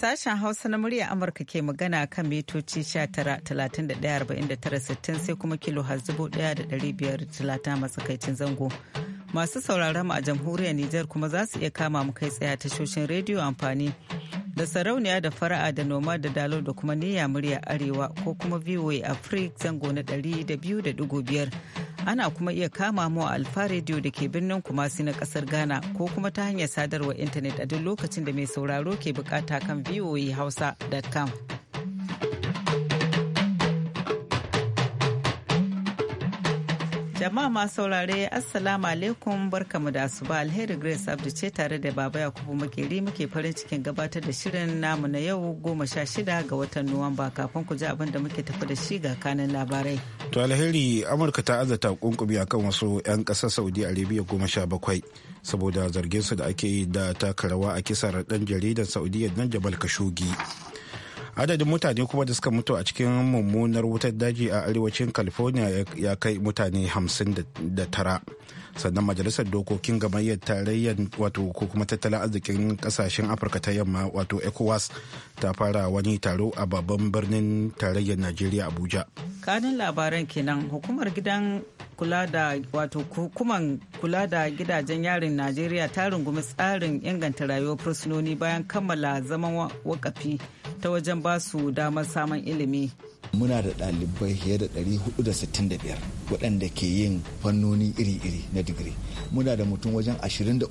Sashen Hausa na murya Amurka ke magana kan mitoci 19,31,49,60 sai kuma kilo da 1,530 matsakaicin zango. Masu sauraron mu a jamhuriyar Nijar kuma za su iya kama mu kai tsaye tashoshin rediyo amfani da sarauniya da fara'a da noma da dalo da kuma niyya murya arewa ko kuma voa afrik zango na ɗari da biyu da biyar ana kuma iya kama mu a alfa radio da ke birnin kumasi na kasar ghana ko kuma ta hanyar sadarwar intanet a duk lokacin da mai sauraro ke bukata kan voahausa.com hausa.com jama'a ma saurare assalamu alaikum barkamu da asuba alheri grace abdu ce tare da baba yakubu makeri muke farin cikin gabatar da shirin namu na yau goma sha shida ga watan nuwamba kafin ku ji abin da muke tafi da shi ga kanin labarai to alheri amurka ta azata kunkumi akan wasu 'yan kasar saudi arabia goma sha bakwai saboda zargin su da ake yi da taka rawa a kisar dan jaridar saudiya dan jabal kashogi adadin mutane kuma da suka mutu a cikin mummunar wutar daji a arewacin california ya kai mutane da tara. sannan majalisar dokokin gamayyar tarayyar wato ko kuma tattalin arzikin kasashen afirka ta yamma wato ecowas ta fara wani taro a babban birnin tarayyar najeriya abuja kanin labaran kenan hukumar gidan kula da wato hukumar kula da gidajen yarin najeriya ta rungumi tsarin inganta rayuwar fursunoni bayan kammala zaman wakafi ta wajen basu damar samun ilimi muna da ɗalibai fiye da 465 waɗanda ke yin fannoni iri-iri na digiri muna da mutum wajen 23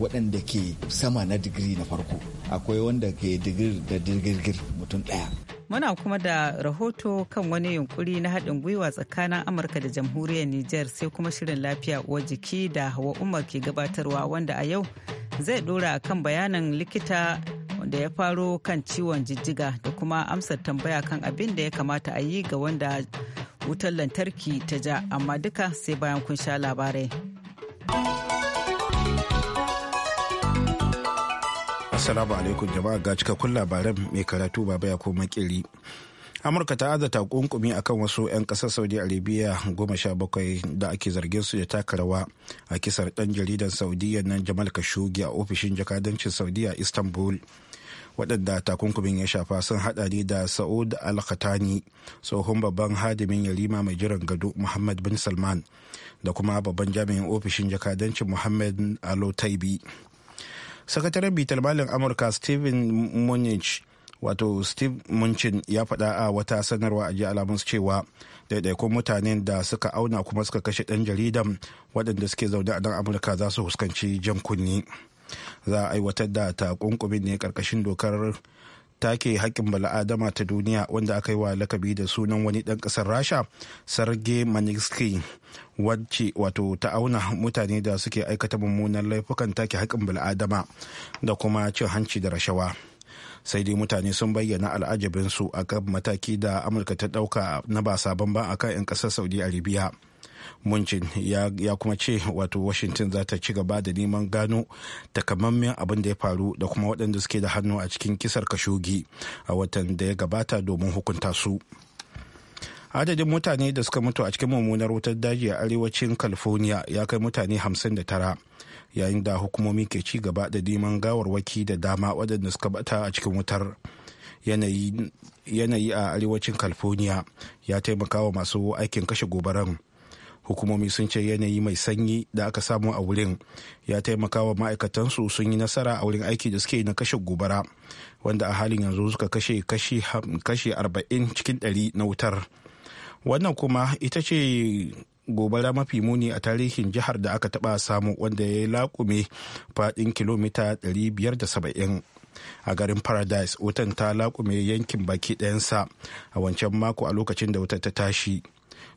waɗanda ke sama na digiri na farko akwai wanda ke digiri da digirgir mutum ɗaya muna kuma da rahoto kan wani yunkuri na haɗin gwiwa tsakanin amurka da jamhuriyar niger sai kuma shirin lafiya uwar jiki da hawa umar ke gabatarwa wanda a yau zai ɗora kan bayanin likita da ya faro kan ciwon jijjiga da kuma amsar tambaya kan abin da ya kamata a yi ga wanda wutar lantarki ta ja amma duka sai bayan kun sha labarai. Assalamu alaikum jama'a ga cikakkun labaran mai karatu baba ya ko makiri. amurka ta adata kunkumi akan wasu 'yan kasar saudi arabia goma sha bakwai da ake zargin su da taka rawa a kisar dan jaridar saudiya nan jamal khashoggi a ofishin jakadancin saudiya istanbul waɗanda takunkumin ya shafa sun haɗa ne da sa'ud al-khatani tsohon babban hadimin yarima mai jiran gado muhammad bin salman da kuma babban jami'in ofishin jakadancin muhammad alo taibi sakataren bitar malin amurka steven munich wato steve munchin ya faɗa a wata sanarwa a jiya alamun cewa daidaikun mutanen da suka auna kuma suka kashe ɗan jaridan waɗanda suke zaune a nan amurka za su huskanci jan kunni. za a aiwatar da ta takunkumin ne karkashin dokar take haƙƙin bala'adama ta duniya wanda aka yi wa lakabi da sunan wani ɗan ƙasar rasha sarge maniski wacce wato ta auna mutane da suke aikata mummunan laifukan take haƙƙin bala'adama da kuma cin hanci da rashawa sai dai mutane sun bayyana al'ajabinsu a kan mataki da amurka ta ɗauka na ba sabon ba akan 'yan ƙasar saudi arabia muncin ya kuma ce wato washington za ta ci gaba da neman gano takamammen abin da ya faru da kuma waɗanda suke da hannu a cikin kisar kashogi a watan da ya gabata domin hukunta su adadin mutane da suka mutu a cikin mummunar wutar daji a arewacin california ya kai mutane 59 yayin da hukumomi ke ci gaba da neman gawarwaki da dama waɗanda suka bata a cikin wutar yanayi a arewacin california ya taimaka wa masu aikin kashe gobaran hukumomi sun ce yanayi mai sanyi da aka samu a wurin ya taimaka wa ma'aikatansu sun yi nasara a wurin aiki da suke na kashe gobara wanda a halin yanzu suka kashe kashi arba'in cikin ɗari na wutar wannan kuma ita ce gobara mafi muni a tarihin jihar da aka taba samu wanda ya yi lakume faɗin kilomita 570 a garin paradise wutan ta laƙume yankin baki ɗayansa a wancan mako a lokacin da wutar ta tashi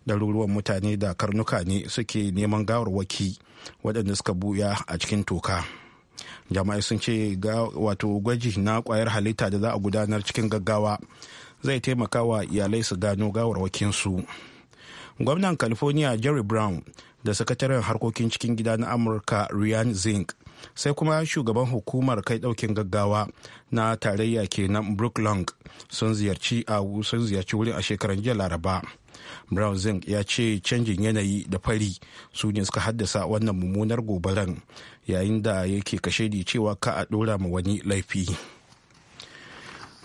ɗaruruwan mutane da karnuka ne suke neman gawarwaki waɗanda suka buya a cikin toka jama'ai sun ce wato gwaji na ƙwayar halitta da za a gudanar cikin gaggawa zai taimaka wa iyalai su gano gawarwakinsu gwamnan california jerry brown da sakataren harkokin cikin gida na amurka ryan zink sai kuma shugaban hukumar kai daukin gaggawa na tarayya kenan brook long sun ziyarci a sun ziyarci wurin a shekaran jiya laraba brown zink ya ce canjin yanayi da fari su ne suka haddasa wannan mummunar gobaran yayin da yake kashedi cewa ka a dora ma wani laifi.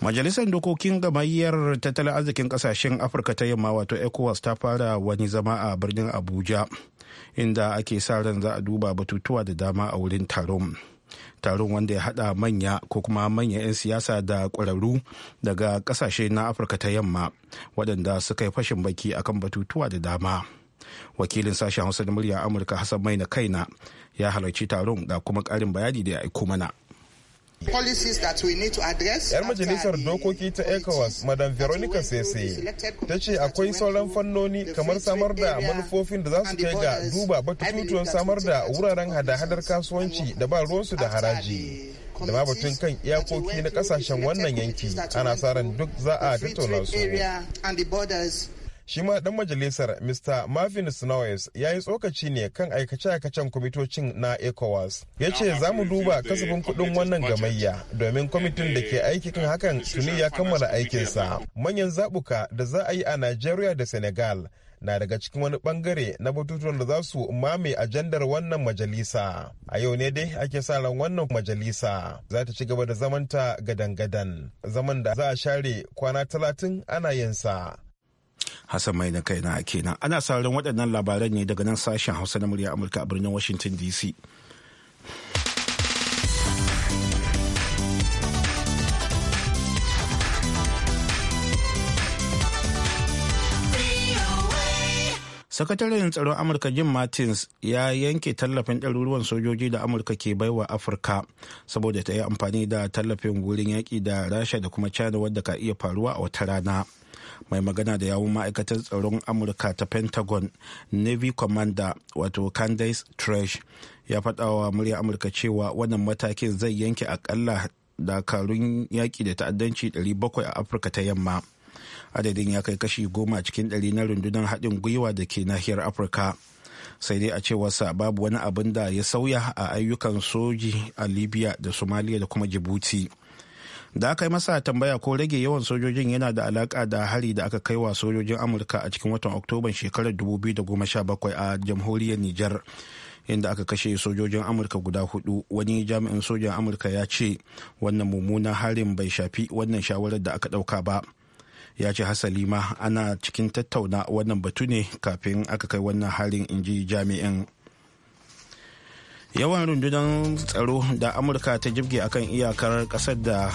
majalisar dokokin gamayyar tattalin arzikin ƙasashen afirka ta yamma wato ecowas ta fara wani zama a birnin abuja inda ake sa ran za a duba batutuwa da dama a wurin taron taron wanda ya haɗa manya ko kuma manyan 'yan siyasa da ƙwararru daga ƙasashe na afirka ta yamma waɗanda suka yi fashin baki akan batutuwa da dama wakilin sashen hausa da murya amurka hassan Maina kaina ya halarci taron da kuma ƙarin bayani da ya aiko mana Yar majalisar dokoki ta ECOWAS, Madam Veronica Sese, ta ce akwai sauran fannoni kamar samar da manufofin da za su kai ga duba batutuwan samar da wuraren hada-hadar kasuwanci da ba ruwansu da haraji. da ma batun kan iyakoki na kasashen wannan yanki ana sa duk za a tattauna su. shi ma dan majalisar mr marvin snowes ya yi tsokaci ne kan aikace-aikacen kwamitocin na ecowas ya ce za mu duba kasafin kuɗin wannan gamayya domin kwamitin da ke aiki kan hakan tuni ya kammala aikinsa manyan zaɓuka da za a yi a nigeria da senegal na daga cikin wani bangare na batutuwan da za su mame ajandar wannan majalisa a yau ne dai ake sa ran wannan majalisa za ta ci gaba da zamanta gadan-gadan zaman da za a share kwana talatin ana yinsa Hassan mai na kaina kenan. Ana sauran waɗannan labaran ne daga nan sashen Hausa na murya Amurka a birnin Washington DC. sakataren tsaron amurka jim martins ya yanke tallafin ɗaruruwan sojoji da amurka ke baiwa afirka saboda ta yi amfani da tallafin wurin yaƙi da rasha da kuma china wadda ka iya faruwa a wata rana mai magana da yawun ma'aikatar tsaron amurka ta pentagon navy commander wato candace trash ya faɗa wa murya amurka cewa wannan matakin zai yanke akalla dakarun yaƙi da ta'addanci 700 a afirka ta yamma adadin ya kai kashi goma cikin ɗari na rundunar haɗin gwiwa da ke nahiyar afirka sai dai a cewarsa babu wani abin da ya sauya a ayyukan soji a libya da somalia da kuma jibuti da aka yi masa tambaya ko rage yawan sojojin yana da alaka da hari da aka kai wa sojojin amurka a cikin watan oktoban shekarar 2017 a jamhuriyar nijar inda aka kashe sojojin amurka guda hudu wani jami'in sojan amurka ya ce wannan mummunan harin bai shafi wannan shawarar da aka dauka ba ya ce hasali ma ana cikin tattauna wannan batu ne kafin aka kai wannan harin in ji jami'in yawan rundunar tsaro da amurka ta jibge akan iyakar kasar da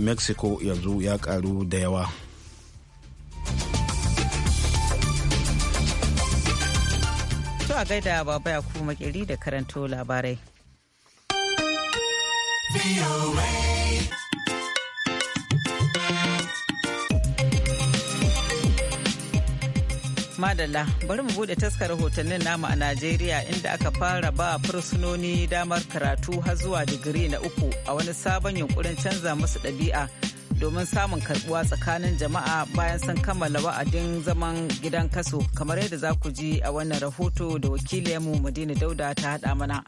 mexico yanzu ya karu da yawa to a gaida baba ya kuma da karanto labarai Madalla bari mu bude taskar rahotannin namu a Najeriya inda aka fara ba fursunoni damar karatu har zuwa digiri na uku a wani sabon yunkurin canza musu ɗabi'a domin samun karbuwa tsakanin jama'a bayan sun kammala wa'adin zaman gidan kaso kamar yadda za ku ji a wannan rahoto da wakilinmu Madina Dauda ta haɗa mana.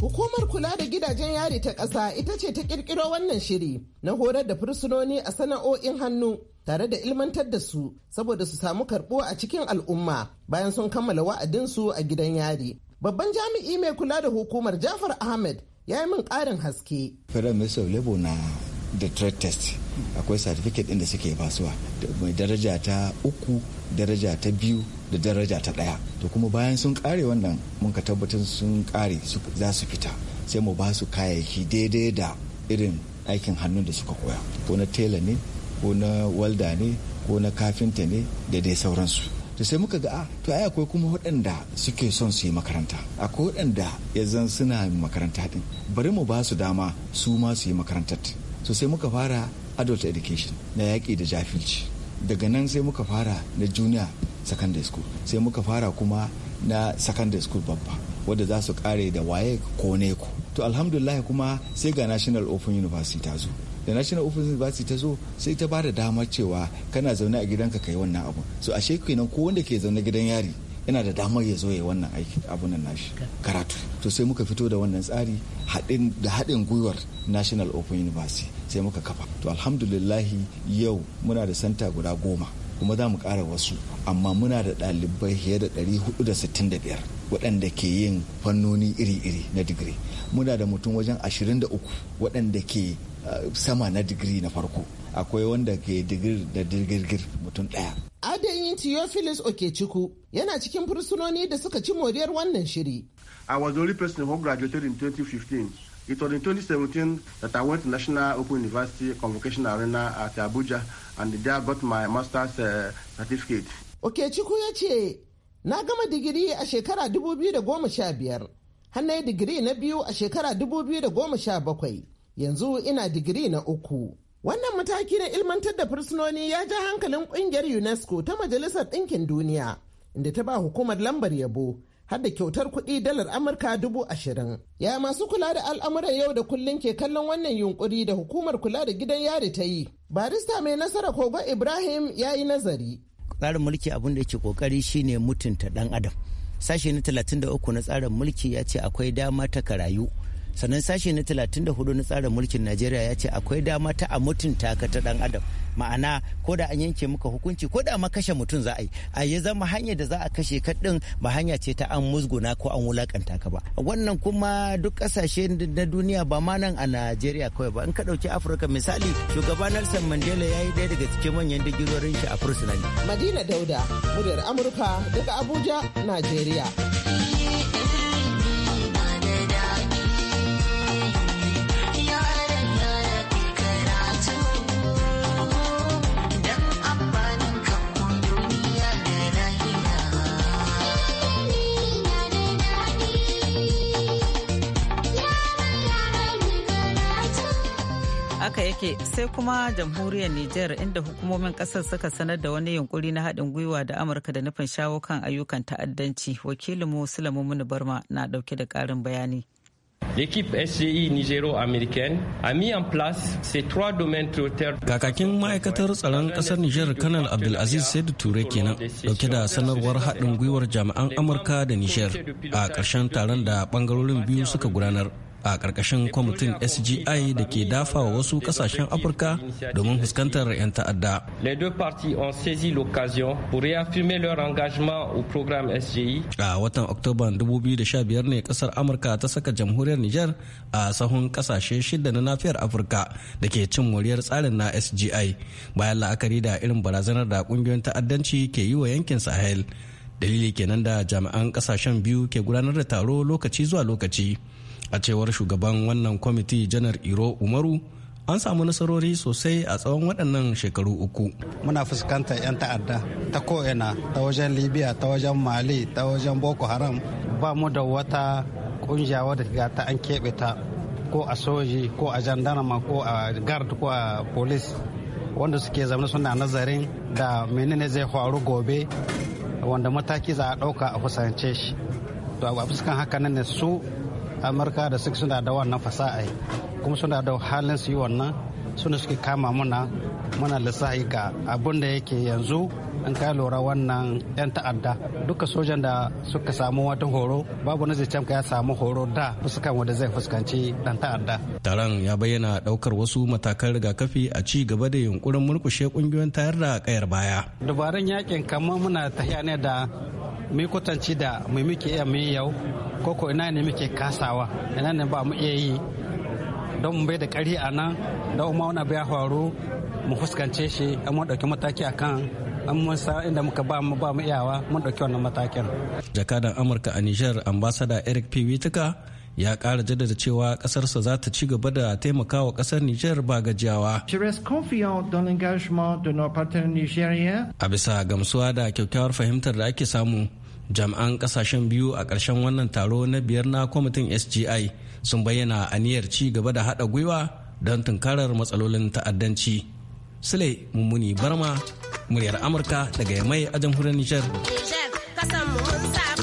Hukumar kula da gidajen yari ta ƙasa ita ce ta ƙirƙiro wannan shiri na horar da fursunoni a sana'o'in hannu tare da ilmantar da su saboda su samu karɓuwa a cikin al'umma bayan sun kammala wa'adinsu a gidan yari. Babban jami'i mai kula da hukumar Jafar Ahmed ya yi min ƙarin haske. Federal Ministry of Labor na da trade akwai satifiket ɗin da suke basuwa mai daraja ta uku daraja ta biyu da daraja ta ɗaya to kuma bayan sun ƙare wannan mun ka tabbatar sun ƙare za su fita sai mu ba su kayayyaki daidai da irin aikin hannun da suka koya ko na tela ne ko na walda ne ko na kafinta ne da dai sauransu to sai muka ga a ah, to ai akwai kuma waɗanda suke son su yi makaranta akwai waɗanda ya zan suna makaranta din bari mu ba su dama su ma su yi makarantar sosai sai muka fara adult education na yaƙi da jafilci daga nan sai muka fara na junior secondary school sai muka fara kuma na secondary school babba wadda za su kare da waye ko neko to alhamdulillah kuma sai ga national open university ta zo da national open university ta zo sai ta ba da damar cewa kana zaune a gidanka kai wannan abu so ashe kenan ko wanda ke zaune gidan yari yana da damar ya zo ya wannan aiki abunan nashi karatu to sai muka fito da wannan tsari da haɗin gwiwar national open university sai muka kafa to alhamdulillahi yau muna da santa guda goma kuma za mu ƙara wasu amma muna da ɗalibai fiye da 465 waɗanda ke yin fannoni iri-iri na digiri muna da mutum wajen 23 waɗanda ke eh, sama na digiri na farko akwai wanda ke digir da digirgir mutum ɗaya adayin theophilus okechukwu yana cikin fursunoni da suka ci moriyar wannan shiri I was the only person who graduated in 2015. It was in 2017 that I went to National Open University Convocation Arena at Abuja and there I got my master's uh, certificate. Chiku ya ce, na gama digiri a shekara 2015, hannaye digiri na biyu a shekara 2017, yanzu ina digiri na uku. Wannan mataki na ilmantar da fursunoni ya ja hankalin kungiyar UNESCO ta Majalisar Ɗinkin Duniya, inda ta ba hukumar lambar yabo har da kyautar kuɗi dalar Amurka dubu ashirin. Ya masu kula da al'amuran yau da kullum ke kallon wannan yunkuri da hukumar kula da gidan yari ta yi. Barista mai nasara Kogo Ibrahim ya yi nazari. Tsarin mulki abin da yake kokari shine mutunta ɗan adam. Sashe na 33 na tsarin mulki ya ce akwai dama ta karayu sannan sashe na 34 na tsarin mulkin najeriya ya ce akwai dama ta a mutunta ka ta dan adam ma'ana ko da an yanke muka hukunci ko da ma kashe mutum za a yi a ya zama hanyar da za a kashe ka din ba hanya ce ta an musguna ko an wulakanta ka ba wannan kuma duk kasashe na duniya ba ma nan a najeriya kawai ba in ka dauki afirka misali shugaba nelson mandela ya yi daya daga cikin manyan digirorin shi a fursunani madina dauda muryar amurka daga abuja najeriya take sai kuma jamhuriyar Nijar inda hukumomin kasar suka sanar da wani yunkuri na haɗin gwiwa da Amurka da nufin shawo kan ayyukan ta'addanci. Wakilinmu Sulaimu Muni Barma na ɗauke da ƙarin bayani. L'équipe SGI nigero américaine a mis en place ces trois domaines prioritaires. Kakakin ma'aikatar tsaron ƙasar Nijar Kanal Abdulaziz Said Ture kenan dauke da sanarwar haɗin gwiwar jami'an Amurka da niger a ƙarshen taron da ɓangarorin biyu suka gudanar. a ƙarƙashin kwamitin SGI da ke dafa wa wasu ƙasashen Afirka domin fuskantar 'yan ta'adda. les deux parties ont pour leur engagement au programme sgi. A watan Oktoban 2015 ne ƙasar Amurka ta saka jamhuriyar niger a sahun ƙasashe shida na nafiyar Afirka da ke cin moriyar tsarin na SGI bayan la'akari da irin barazanar da ƙungiyoyin ta'addanci ke yi wa yankin Sahel. dalili kenan da jami'an kasashen biyu ke gudanar da taro lokaci zuwa lokaci a cewar shugaban wannan kwamiti janar iro umaru an samu nasarori sosai a tsawon waɗannan shekaru uku. Muna fuskantar 'yan ta'adda ta ko'ina ta wajen Libya, ta wajen Mali, ta wajen Boko Haram. Ba mu da wata ƙungiya wadda ta an keɓe ta ko a soji ko a jandarma ko a guard ko a police wanda suke zaune suna nazarin da menene zai faru gobe wanda mataki za a ɗauka a kusance shi. To a fuskan haka ne su amurka da suke suna da wannan fasaha kuma suna da halin su yi wannan suna suke kama muna muna lissahi ga abin da yake yanzu in ka lura wannan 'yan ta'adda duka sojan da suka samu wata horo babu na zai ya samu horo da fuskan wanda zai fuskanci dan ta'adda. Taron ya bayyana daukar wasu matakan rigakafi a ci gaba da yunkurin murkushe kungiyoyin tayar da kayar baya. Dubaran yakin kamar muna tahiya ne da mu kwatanci da mu muke iya mu yau ko ina ne muke kasawa ina ne ba mu iya yi don mu bai da kari a nan don ma wani abu ya faru mu fuskance shi an mu ɗauki mataki akan an mun inda muka ba mu ba mu iyawa mun ɗauki wannan matakin. Jakadan Amurka a niger ambasada Eric P. witika ya kara jaddada cewa kasarsa za ta ci gaba da taimakawa kasar niger ba gajiyawa. A bisa gamsuwa da kyakkyawar fahimtar da ake samu, jami'an kasashen biyu a ƙarshen wannan taro na biyar na kwamitin SGI sun bayyana aniyar ci gaba da haɗa gwiwa don tunkarar matsalolin ta'addanci. Sule Mummuni Barma muryar amurka daga yamai a jamhuriyar nijar. nijar kasan mu mun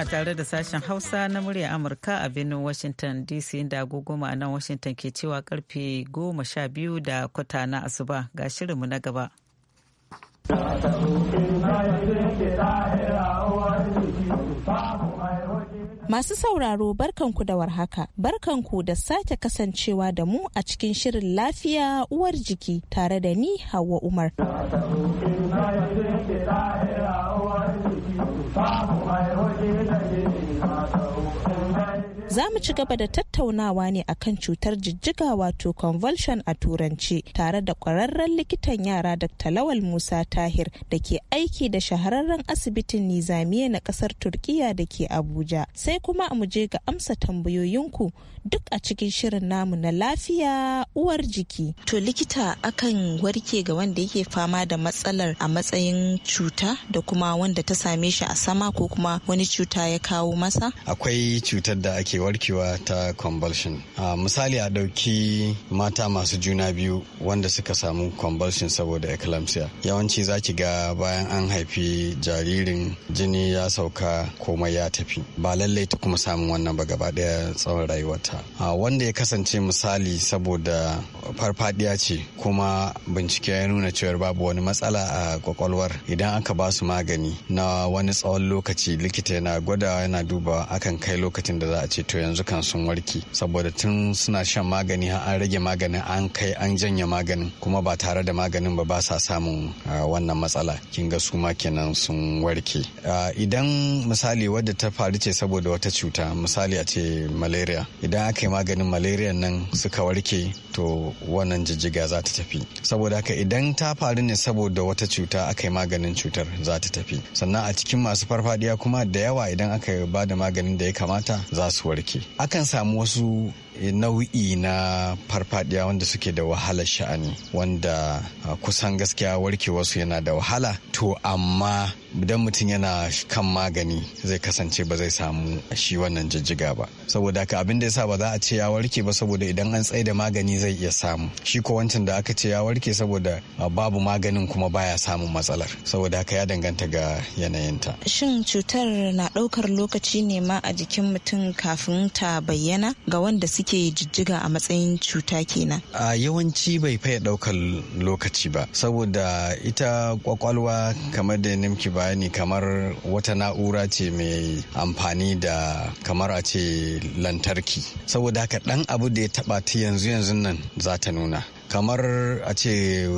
kuna tare da sashen Hausa na murya Amurka a birnin Washington DC inda agogoma a nan Washington ke cewa karfe goma sha da kwata na asuba ga shirinmu na gaba. Masu sauraro barkanku da warhaka, barkanku da sake kasancewa da mu a cikin shirin lafiya uwar jiki tare da ni Hauwa Umar. Za mu ci gaba da tattaunawa ne akan cutar jijjiga wato convulsion a turanci tare da kwararren likitan yara Dr. Lawal Musa Tahir da ke aiki da shahararren asibitin Nizamiya na kasar Turkiya da ke Abuja. Sai kuma mu je ga amsa tambayoyinku duk a cikin shirin namu na lafiya uwar jiki. To likita akan warke ga wanda yake fama da matsalar a matsayin cuta da kuma wanda ta same shi a sama ko kuma wani cuta ya kawo masa? Akwai cutar da ake warkewa ta convulsion misali a ɗauki mata masu juna biyu wanda suka samu convulsion saboda eclampsia yawanci za ki ga bayan an haifi jaririn jini ya sauka komai ya tafi ba lallai ta kuma samun wannan ba gaba ɗaya tsawon rayuwarta wanda ya kasance misali saboda farfadiya ce kuma bincike ya nuna cewar babu wani matsala a kwakwalwar idan aka ba su magani na wani tsawon lokaci likita yana gwada yana duba akan kai lokacin da za a ce to yanzu kan sun warke saboda tun suna shan magani an rage maganin an kai an janye maganin kuma ba tare da maganin ba ba sa samun wannan matsala kin ga su ma kenan sun warke idan misali wadda ta faru ce saboda wata cuta misali a ce malaria idan aka yi maganin malaria nan suka warke to wannan jijjiga za ta tafi saboda haka idan ta faru ne saboda wata cuta aka yi maganin cutar za ta tafi sannan a cikin masu farfadiya kuma da yawa idan aka ba da maganin da ya kamata za su warke warke akan samu wasu nau'i na farfadiya wanda suke da wahalar sha'ani wanda ah, kusan gaskiya warkewarsu yana da wahala to amma idan mutum yana kan magani zai kasance ba zai samu shi wannan jijjiga ba saboda haka abin da yasa ba za a ce ya warke ba saboda idan an tsaye da magani zai iya samu shi ko wancan da aka ce ya warke saboda ah, babu maganin kuma baya samun matsalar saboda haka ya danganta ga yanayinta shin cutar na ɗaukar lokaci ne ma a jikin mutum kafin ta bayyana ga wanda su suke jijjiga a matsayin cuta kenan a yawanci bai faye daukar lokaci ba saboda ita kwakwalwa kamar da nimki bayani kamar wata na'ura ce mai amfani da kamar a ce lantarki saboda haka dan abu da ya taba ta yanzu yanzu nan za ta nuna kamar a ce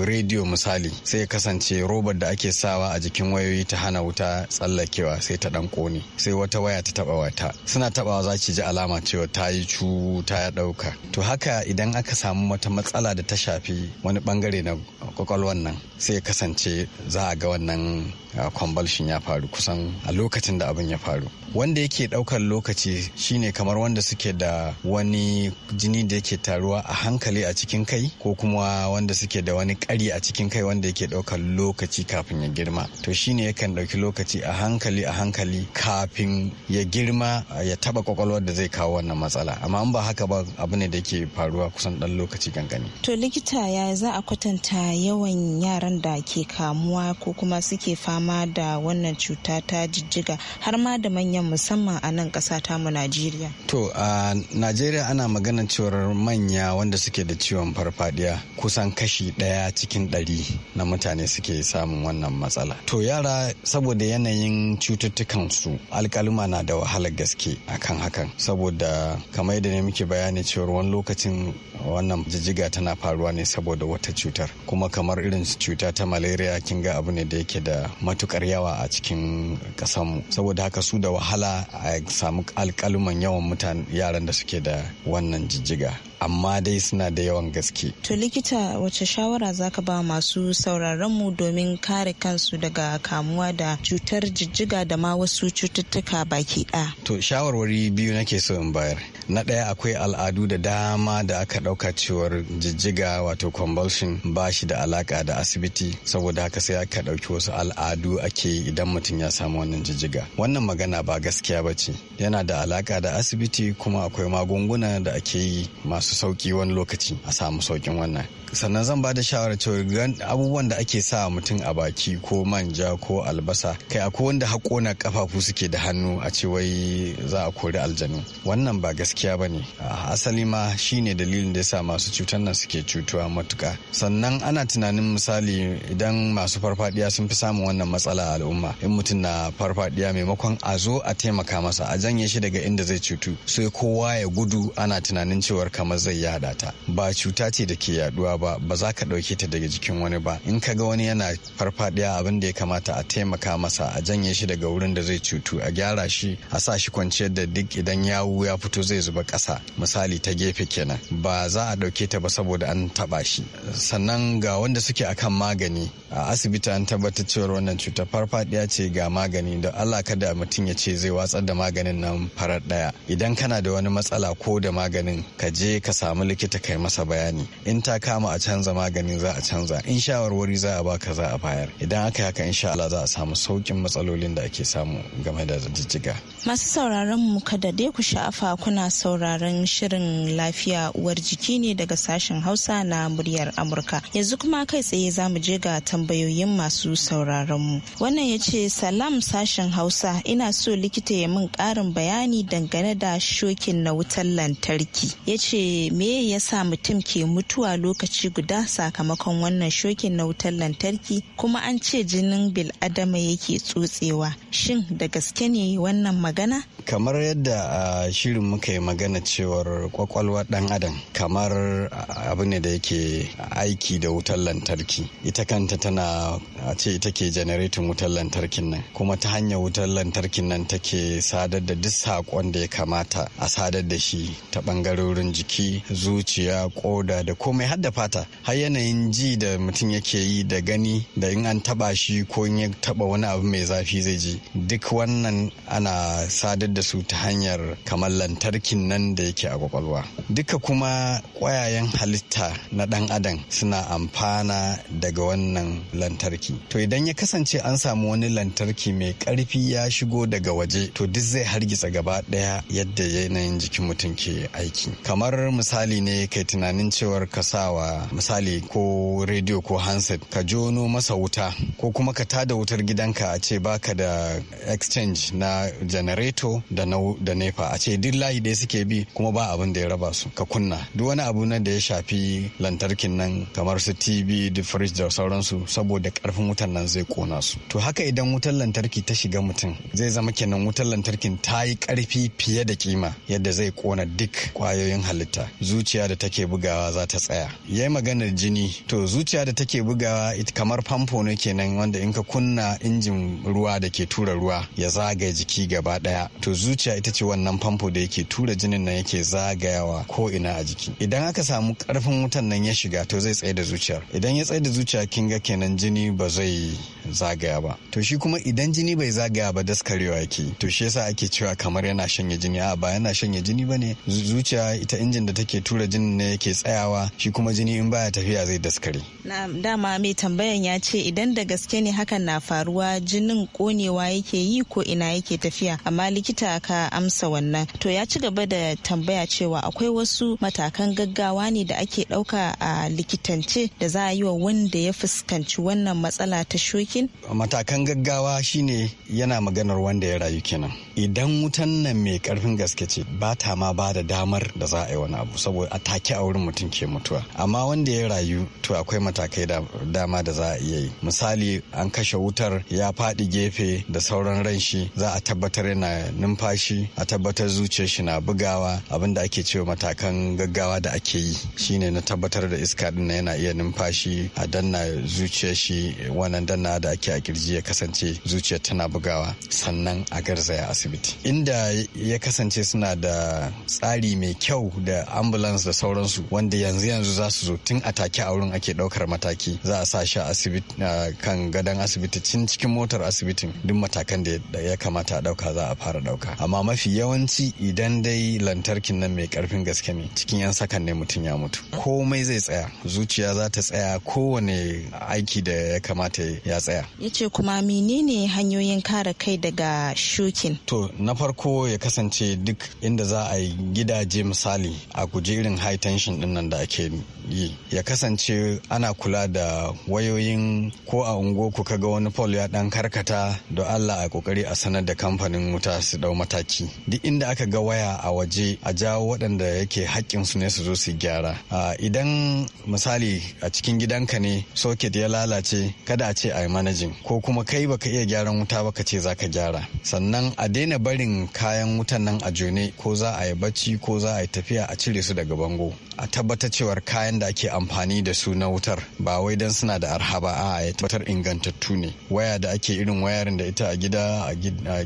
rediyo misali sai kasance robar da ake sawa a jikin wayoyi ta hana wuta tsallakewa sai ta dan kone sai wata waya ta taba wata suna tabawa za ki ji alama cewa ta yi cu ta ya dauka to haka idan aka samu wata matsala da ta shafi wani bangare na kwakwalwan nan sai kasance za a ga wannan kwambalshin ah, ya faru kusan a lokacin da abin ya faru wanda yake daukar lokaci shine kamar wanda suke da wani jini da yake taruwa a hankali a cikin kai ko kuma wanda suke da wani kari a cikin kai wanda yake ɗaukar lokaci kafin ya girma to shine yakan ɗauki lokaci a hankali a hankali kafin ya girma ya taɓa kwakwalwar da zai kawo wannan matsala amma in ba haka ba abu ne da ke faruwa kusan ɗan lokaci kankani. to likita ya za a kwatanta yawan yaran da ke kamuwa ko kuma suke fama da wannan cuta ta jijjiga har ma da manyan musamman a nan ƙasa mu najeriya to a najeriya ana maganar cewar manya wanda suke da ciwon farfadiya kusan kashi ɗaya cikin ɗari na mutane suke samun wannan matsala to yara saboda yanayin cututtukan su alkaluma na da wahalar gaske akan hakan saboda kamar da ne muke bayani cewar wani lokacin wannan jijjiga tana faruwa ne saboda wata cutar kuma kamar irin cuta ta malaria kin ga abu ne da yake da matukar yawa a cikin kasanmu saboda haka su da wahala a samu alkaluman yawan mutane yaran da suke da wannan jijjiga amma dai suna da yawan gaske. To likita wace shawara zaka ba masu sauraron mu domin kare kansu daga kamuwa da cutar jijjiga da ma wasu cututtuka baki ɗaya. To shawarwari biyu nake so in bayar. Na ɗaya akwai al'adu da dama da aka dauka cewar jijjiga wato convulsion ba shi da alaka da asibiti saboda haka sai aka ɗauki wasu al'adu ake idan mutum ya samu wannan jijjiga wannan magana ba gaskiya ba ce yana da alaka da asibiti kuma akwai magunguna da ake yi masu sauki wani lokaci a samu saukin wannan sannan zan ba da shawarar cewa abubuwan da ake sa mutum a baki ko manja ko albasa kai akwai wanda haƙona kafafu suke da hannu a ce wai za a kori aljanu wannan ba gaskiya ba ne a asali ma shine dalilin da yasa masu cutar nan suke cutuwa matuka sannan ana tunanin misali idan masu farfadiya sun fi samun wannan matsala al'umma in mutum na farfadiya maimakon a zo a taimaka masa a janye shi daga inda zai cutu sai kowa ya gudu ana tunanin cewar kamar zai yada ta ba cuta ce da ke yaduwa ba ba za ka ɗauke ta daga jikin wani ba in ka ga wani yana farfadiya abin da ya kamata a taimaka masa a janye shi daga wurin da zai cutu a gyara shi a sa shi kwanciyar da duk idan yawu ya fito zai zuba ƙasa misali ta gefe kenan ba za a ɗauke ta ba saboda an taɓa shi sannan ga wanda suke akan magani a asibiti an tabbatar cewar wannan cutar farfadiya ce ga magani da allah kada mutum ya ce zai watsar da maganin nan farar ɗaya idan kana da wani matsala ko da maganin ka je ka samu likita kai masa bayani in ta kama a canza maganin za a canza in shawarwari za a baka za a bayar idan aka yi haka insha allah za a samu saukin matsalolin da ake samu game da jijjiga masu sauraron mu kada dai ku sha'afa kuna sauraron shirin lafiya uwar jiki jiki ne daga sashen Hausa na muryar Amurka. Yanzu kuma kai tsaye za mu je ga tambayoyin masu sauraron mu. Wannan ya ce salam sashen Hausa ina so likita ya min ƙarin bayani dangane da shokin na wutar lantarki. Ya ce me ya sa mutum ke mutuwa lokaci guda sakamakon wannan shokin na wutar lantarki kuma an ce jinin bil'adama yake tsotsewa. Shin da gaske ne wannan magana? Kamar yadda ah, shirin muka yi magana cewar kwakwalwa ɗan adam kamar abu ne da yake aiki da wutar lantarki ita kanta tana a ce ita ke janaretin wutar lantarkin nan kuma ta hanyar wutar lantarkin nan take sadar da duk saƙon da ya kamata a sadar da shi ta ɓangarorin jiki zuciya ƙoda da komai har da fata har yanayin ji da mutum yake yi da gani da in an taba shi ko in ya taɓa wani abu mai zafi zai ji duk wannan ana sadar da su ta hanyar kamar lantarkin nan da yake a kwakwalwa duka kuma kwayayen halitta na ɗan adam suna amfana daga wannan lantarki to idan ya kasance an samu wani lantarki mai karfi ya shigo daga waje to duk zai hargitsa gaba ɗaya yadda yanayin jikin mutum ke aiki kamar misali ne kai tunanin cewar ka sawa misali ko rediyo ko handset ka jono masa wuta ko kuma ka tada wutar gidanka a ce baka da exchange na generator da nepa a ce duk layi ɗaya suke bi kuma ba abin da ya raba su ka kunna duk wani abu nan da ya shafi lantarkin nan kamar su tv da fridge da sauransu saboda karfin wutan nan zai kona su to haka idan wutar lantarki ta shiga mutum zai zama kenan wutar lantarkin ta yi karfi fiye da kima yadda zai kona duk kwayoyin halitta zuciya da take bugawa za ta tsaya yayi maganar jini to zuciya da take bugawa kamar famfo ne kenan wanda in ka kunna injin ruwa da ke tura ruwa ya zagaya jiki gaba daya to zuciya ita ce wannan famfo da yake tura jinin nan yake zagayawa ko ina a jiki idan aka samu karfin wutan nan ya shiga to zai tsaye da zuciya idan ya tsaye da zuciya kin ga kenan jini ba zai zagaya ba to shi kuma idan jini bai zagaya ba daskarewa yake to shi yasa ake cewa kamar yana shanye jini a ba yana shanye jini bane zuciya ita injin da take tura jinin ne yake tsayawa shi kuma jini in baya tafiya zai daskare na'am dama mai tambayan ya ce idan da gaske ne hakan na faruwa jinin konewa yake yi ko ina yake tafiya amma likita ka amsa wannan to ya ci gaba da tambaya cewa akwai wasu matakan matakan gaggawa ne da ake ɗauka a likitance da za a yi wa wanda ya fuskanci wannan matsala ta shokin? Matakan gaggawa shine yana maganar wanda ya rayu kenan. idan wutan nan mai karfin gaske ce ba ta ma ba da damar da za a yi wani abu saboda a take a wurin mutum ke mutuwa amma wanda ya rayu to akwai matakai da dama da za a iya yi misali an kashe wutar ya faɗi gefe da sauran ran shi za a tabbatar yana numfashi a tabbatar zuciyar shi na bugawa abin abinda ake cewa matakan gaggawa da ake yi shine na tabbatar da iska din yana iya numfashi a danna zuciyar shi wannan danna da ake a kirji ya kasance zuciyar tana bugawa sannan a garzaya asibiti inda ya kasance suna da tsari mai kyau da ambulance da sauransu wanda yanzu yanzu za su zo tun a take a wurin ake daukar mataki za a sa shi a kan gadon asibiti cin cikin motar asibitin duk matakan da ya kamata a dauka za a fara dauka amma mafi yawanci idan dai lantarkin nan mai karfin gaske ne cikin yan sakan ne mutum ya mutu komai zai tsaya zuciya za ta tsaya kowane aiki da ya kamata ya tsaya ya ce kuma menene hanyoyin kare kai daga shukin to na farko ya kasance duk inda za a yi gidaje misali a guji irin high tension din nan da ake yi ya kasance ana kula da wayoyin ko a ungo ku kaga wani pole ya dan karkata don allah a kokari a sanar da kamfanin wuta su dau mataki duk inda aka ga waya a waje a ja waɗanda yake haƙƙin su ne su zo su gyara idan misali a cikin gidanka ne socket ya lalace kada a ce a yi manajin ko kuma kai baka iya gyaran wuta ba ka ce za ka gyara sannan a daina barin kayan wutan nan a june ko za a yi bacci ko za a yi tafiya a cire su daga bango a tabbatar cewar kayan da ake amfani da su na wutar ba wai dan suna da arha ba a ya tabbatar ingantattu ne waya da ake irin wayarin da ita a gida a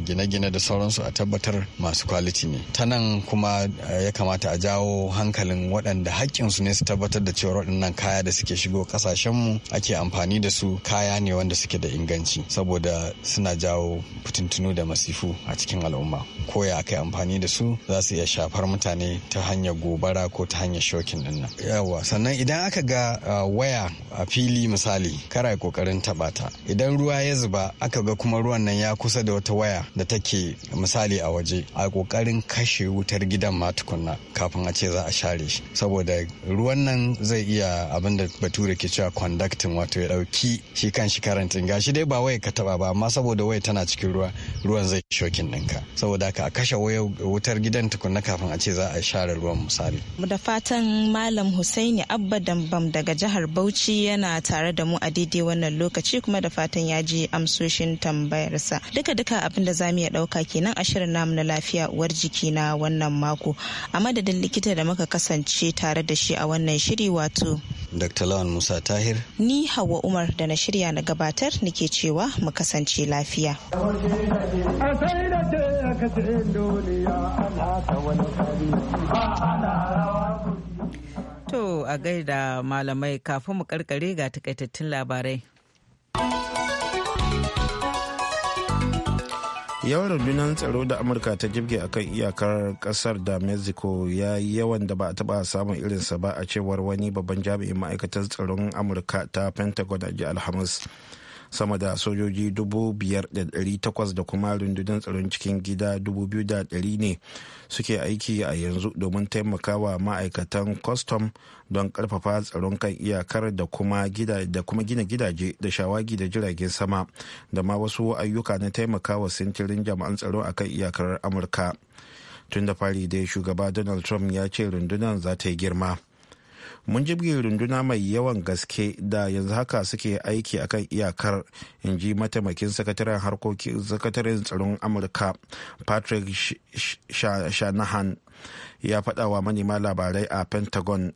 gine-gine da sauransu a tabbatar masu kwaliti ne ta nan kuma eh, ya kamata a jawo hankalin waɗanda haƙƙinsu ne su tabbatar da cewar waɗannan kaya da suke shigo ƙasashenmu ake amfani da su kaya ne wanda suke da inganci saboda suna jawo fitintunu da masifu a cikin al'umma ko ya kai amfani da su za su iya shafar mutane ta hanyar gobara ko ta hanyar shokin din nan yawa sannan idan aka ga waya a fili misali kara kokarin taba ta idan ruwa ya zuba aka ga kuma ruwan nan ya kusa da wata waya da take misali a waje a kokarin kashe wutar gidan ma tukunna kafin a ce za a share shi saboda ruwan nan zai iya abin da bature ke cewa conducting wato ya dauki shi kan shi karantin gashi dai ba waya ka taba ba amma saboda waya tana cikin ruwa ruwan zai shokin ɗinka saboda ka kashe wutar gidan tukunna kafin a ce za a share ruwan misali. da fatan malam Hussaini Abba Dambam daga jihar Bauchi yana tare da mu a daidai wannan lokaci kuma da fatan ya ji amsoshin tambayarsa. Duka duka abin da za mu iya ɗauka kenan a shirin namu na lafiya uwar jiki na wannan mako. A madadin likita da muka kasance tare da shi a wannan shiri wato Dr. Lawan Musa Tahir. Ni Hawa Umar da na shirya na gabatar nake cewa mu kasance lafiya. To a gaida malamai kafin mu karkare ga takaitattun labarai. yawan rundunar tsaro da amurka ta jibge kan iyakar kasar da mexico ya yi yawan da ba a taba samun irinsa ba a cewar wani babban jami'in ma'aikatar tsaron amurka ta pentagon a alhamis sama da sojoji 5,800 da da kuma rundunar tsaron cikin gida 2,100 ne suke aiki a yanzu domin taimakawa ma'aikatan kwastam don karfafa tsaron kan iyakar da kuma gina gidaje da shawagi da jiragen sama da ma wasu ayyuka na taimakawa sintirin jami'an tsaro akan iyakar amurka tun da fari dai shugaba donald trump ya ce rundunar za ta yi girma mun jibge runduna mai yawan gaske da yanzu haka suke aiki akan iyakar in ji mataimakin sakataren harkokin sakataren tsaron amurka patrick shanahan ya faɗa wa manema labarai a pentagon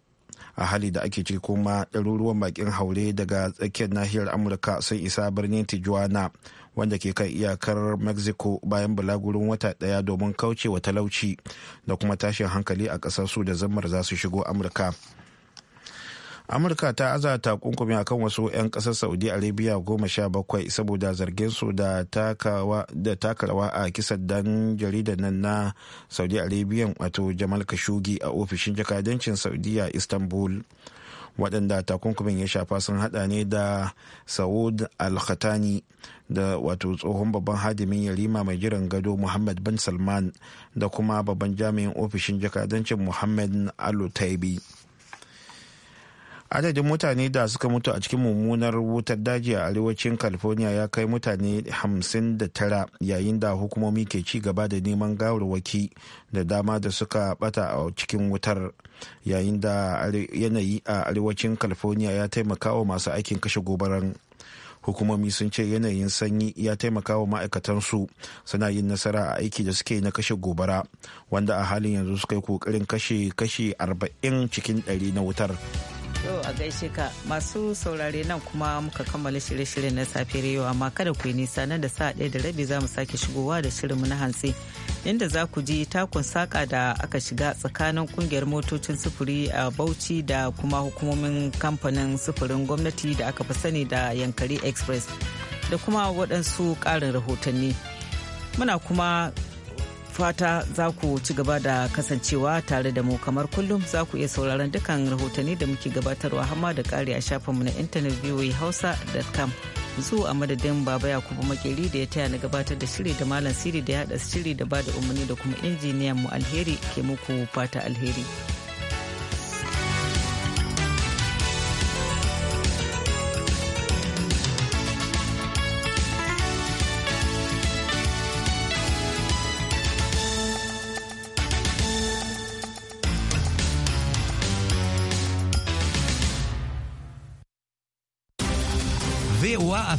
a hali da ake ciki kuma ɗaruruwan bakin haure daga tsakiyar nahiyar amurka sun isa birnin tijuana wanda ke kan iyakar mexico bayan bulagurin wata ɗaya domin kauce wa talauci da kuma tashin hankali a ƙasar su da zammar za su shigo amurka amurka ta aza takunkumi akan wasu 'yan kasar saudi arabia goma sha bakwai saboda zargin su da takarawa a kisan dan jaridar nan na saudi arabia wato jamal kashugi a ofishin jakadancin a istanbul waɗanda takunkumin ya shafa sun hada ne da saud al-khatani da wato tsohon babban hadimin yarima mai jiran gado muhammad bin salman da kuma babban jami'in ofishin jakadancin muhammad al-taibi adadin mutane da suka mutu a cikin mummunar wutar daji a arewacin california ya kai mutane 59 yayin da hukumomi ke ci gaba da neman gawarwaki da dama da suka bata a cikin wutar yayin da yanayi a arewacin california ya taimaka wa masu aikin kashe gobaran hukumomi sun ce yanayin sanyi ya taimaka wa ma'aikatansu suna yin nasara a aiki da suke na kashe gobara wanda a halin yanzu suka yi kokarin kashe kashe 40 cikin 100 na wutar yau a gaishe ka masu saurare nan kuma muka kammala shirye-shiryen na safiyar yau amma kada ku yi nisa nan da sa ɗaya da rabi za mu sake shigowa da shirinmu na hantsi inda za ku ji takun saƙa da aka shiga tsakanin kungiyar motocin sufuri a Bauchi da kuma hukumomin kamfanin sufurin gwamnati da aka fi sani da Yankari Express da kuma waɗansu ƙarin rahotanni. Muna kuma fata za ku ci gaba da kasancewa tare da mu kamar kullum za ku iya sauraron dukkan rahotanni da muke gabatarwa hamma da kari a shafinmu na intanet voa hausa.com zu a madadin baba yakubu makeri da ya taya na gabatar da shiri da malam siri da ya haɗa shiri da ba da umarni da kuma injiniyan mu alheri ke muku fata alheri.